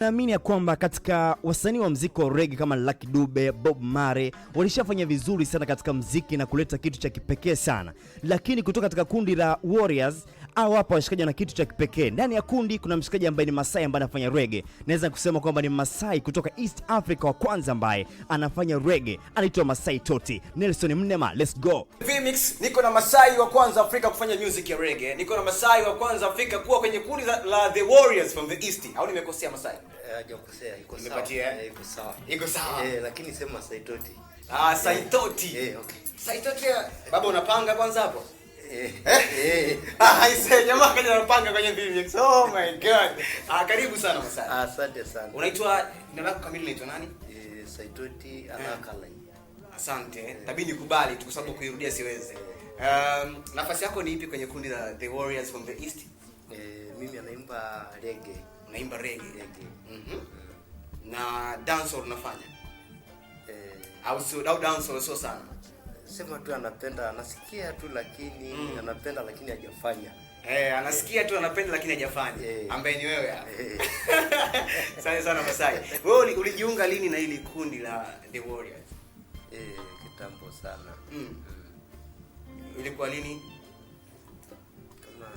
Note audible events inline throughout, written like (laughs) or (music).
Naamini ya kwamba katika wasanii wa mziki wa reggae kama Lucky Dube, Bob Marley walishafanya vizuri sana katika mziki na kuleta kitu cha kipekee sana, lakini kutoka katika kundi la Warriors au hapa washikaji na kitu cha kipekee. Ndani ya kundi kuna mshikaji ambaye ni Masai ambaye anafanya rege, Naweza kusema kwamba ni Masai kutoka East Africa wa kwanza ambaye anafanya rege, anaitwa Masai Toti. Nelson Mnema, let's go. Vmix, niko na Masai wa kwanza Afrika kufanya music ya rege, Niko na Masai wa kwanza Afrika kuwa kwenye kundi la The Warriors from the East. Au nimekosea Masai? Eh, hajakosea, iko sawa. Eh? Eh, iko sawa. Iko sawa. Eh, lakini sema Masai Ah, Saitoti. Eh, okay. Saitoti, baba unapanga kwanza hapo? karibu sana eh, eh. Asante Unaitwa jina lako kamili nani? Saitoti Asante. Eh. Tabii tu kwa sababu kuirudia Um, nafasi yako ni ipi kwenye kundi la The Warriors from the East? mimi anaimba Unaimba mhm. Na unafanya? au sio sana sema tu anapenda, anasikia tu lakini mm. anapenda lakini hajafanya. Eh, hey, anasikia hey. tu anapenda lakini hajafanya. Hey. Eh. Ambaye ni wewe hapa. Eh. (laughs) Hey. Asante sana Masai. Wewe ulijiunga lini na hili kundi la The Warriors? Eh, hey, kitambo sana. Mm. Mm. Ilikuwa lini? Kama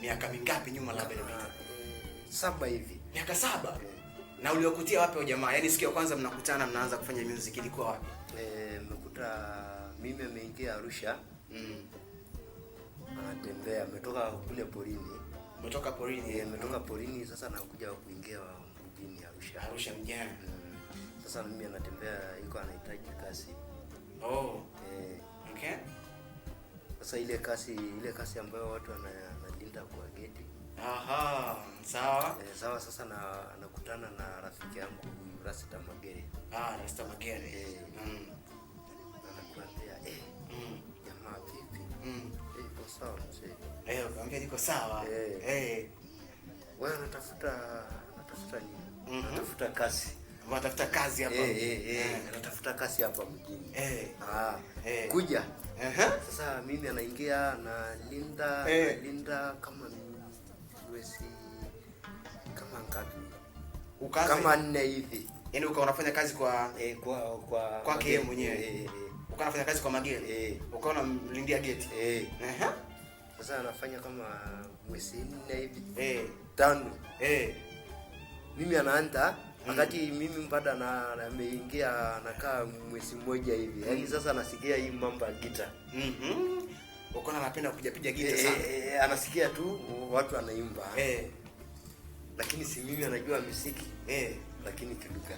miaka mingapi nyuma labda ilipita? Eh, saba hivi. Miaka saba? Hey. Na uliokutia wapi wa jamaa? Yaani siku ya kwanza mnakutana mnaanza kufanya music ilikuwa wapi? amekuta eh, e, mimi ameingia Arusha mm. Anatembea, ametoka kule porini, ametoka porini, eh, ametoka porini. Sasa anakuja kuingia mjini Arusha, Arusha mjini mm. Sasa mimi anatembea, yuko anahitaji kasi oh. E, okay. Sasa ile kasi ile kasi ambayo watu analinda kwa geti. Aha, sawa e, sawa. Sasa na, na rafiki yangu Rasta Magere. Ah, Rasta Magere. Eh. Mm. Anakuambia mm. eh. Mm. Jamaa vipi? Mm. Eh, iko sawa mzee. Eh, niko sawa. Eh. eh. Wewe unatafuta unatafuta nini? Mm -hmm. kazi. Unatafuta kazi hapa eh, eh, Eh, eh. Unatafuta kazi hapa mjini. Eh. Ah. Eh. Kuja. Uh -huh. Sasa mimi anaingia na Linda, eh. na Linda kama kama ngapi? kama nne hivi yani ukawa unafanya kazi kwa eh, kwa kwa kwake yeye mwenyewe eh, eh, eh, ukawa unafanya kazi kwa magere eh, eh, ukawa unamlindia geti eh, eh, sasa anafanya kama mwezi nne hivi eh, tano eh, mimi anaanza mm. wakati mm. mimi mpata na ameingia anakaa mwezi mmoja hivi yaani mm. sasa anasikia hii mambo ya gita mhm mm ukona anapenda kuja piga gita e, sana e, anasikia tu watu wanaimba. Eh lakini si mimi anajua misiki eh, lakini kiduka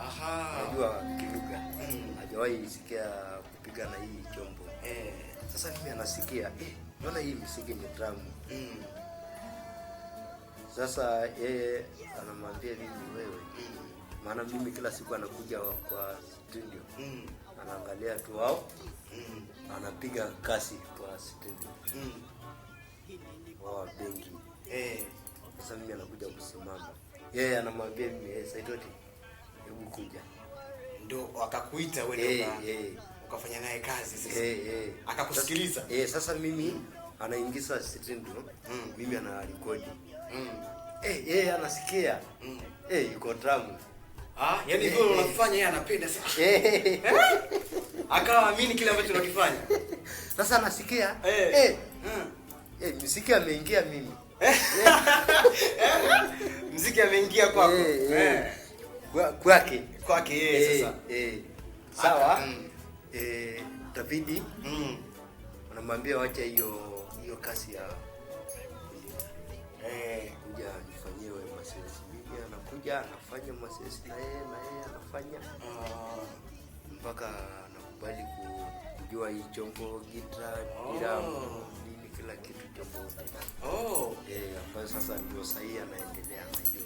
Aha. Najua kiduka mm. Hajawahi sikia kupiga na hii chombo eh. Sasa mimi anasikia eh, naona hii misiki ni drum mm. Sasa yeye anamwambia mimi wewe mm. Maana mimi kila siku anakuja kwa studio mm. Anaangalia tu wao mm. Anapiga kasi kwa studio mm. Wao bengi eh. Sasa mimi anakuja kusimama yeye, yeah, anamwambia mimi eh, Saitoti, hebu kuja, ndio akakuita wewe hey, eh, eh. hey. Ukafanya naye kazi sasa hey, hey. Akakusikiliza eh hey, sasa mimi anaingiza studio mm. Mimi ana record mm. Eh, hey, yeye anasikia mm. Eh, hey, yuko tamu ah, yani hey, vile unafanya yeye anapenda sana (laughs) eh, akawa kile ambacho unakifanya sasa, anasikia eh hey. hey. mm. hey, msiki ameingia mimi Eh. (laughs) mziki ameingia kwako eh, eh. kwake kwake Sawa, mm. Davidi mm. wanamwambia wacha hiyo hiyo kasi ya kuja nifanyiwe mazoezi mii anakuja anafanya mazoezi na yeye na yeye anafanya ah. mpaka anakubali kujua hii chombo gitara, oh. drum kila kitu tofauti oh. Eh, ambayo sasa ndio sahihi anaendelea na hiyo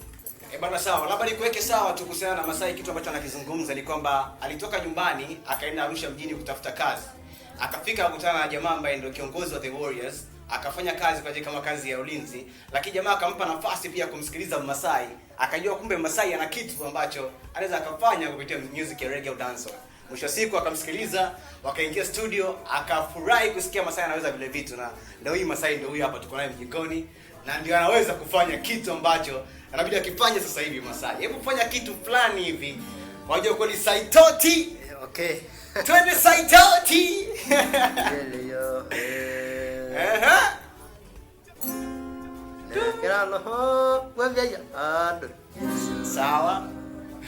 eh bana. Sawa, labda nikuweke sawa tu kuhusiana na Masai. Kitu ambacho anakizungumza ni kwamba alitoka nyumbani akaenda Arusha mjini kutafuta kazi, akafika akutana na jamaa ambaye ndio kiongozi wa the Warriors, akafanya kazi kwa kama kazi ya ulinzi, lakini jamaa akampa nafasi pia kumsikiliza Masai, akajua kumbe Masai ana kitu ambacho anaweza akafanya kupitia music ya reggae au dancehall. Mwisho wa siku akamsikiliza, wakaingia studio, akafurahi kusikia Masai anaweza vile vitu, na ndio hii Masai, ndio huyu hapa tuko naye mjikoni, na ndio anaweza kufanya kitu ambacho anabidi akifanye sasa hivi. Masai, hebu fanya kitu fulani hivi, wajua ni Saitoti. Okay, (laughs) twende Saitoti. Eh. Ah, Sawa.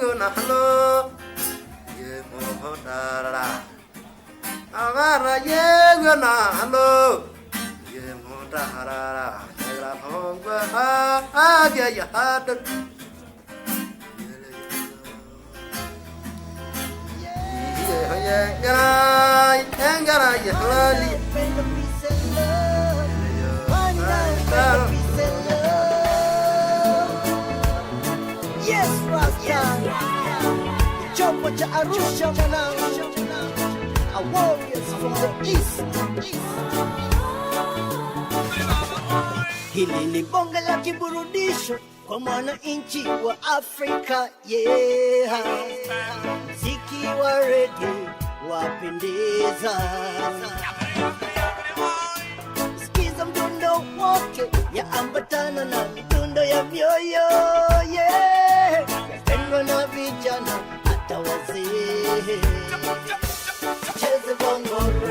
গো নাহলো এ মোহনারা আমার এ গো নাহলো এ মোহনারা এরা ভঙ্গ আগে হাত Yeah, yeah, yeah, yeah, yeah, yeah, yeah, Ye yeah, ye yeah, yeah, ye yeah, yeah, yeah, chombo cha Arusha hili ni bonge la kiburudisho kwa mwananchi wa Afrika yeah. Mziki wa rege wapendeza, sikiza mdundo wake yaambatana na mdundo ya vyoyo yeah. Yapendwa na vijana Cheers the bongo.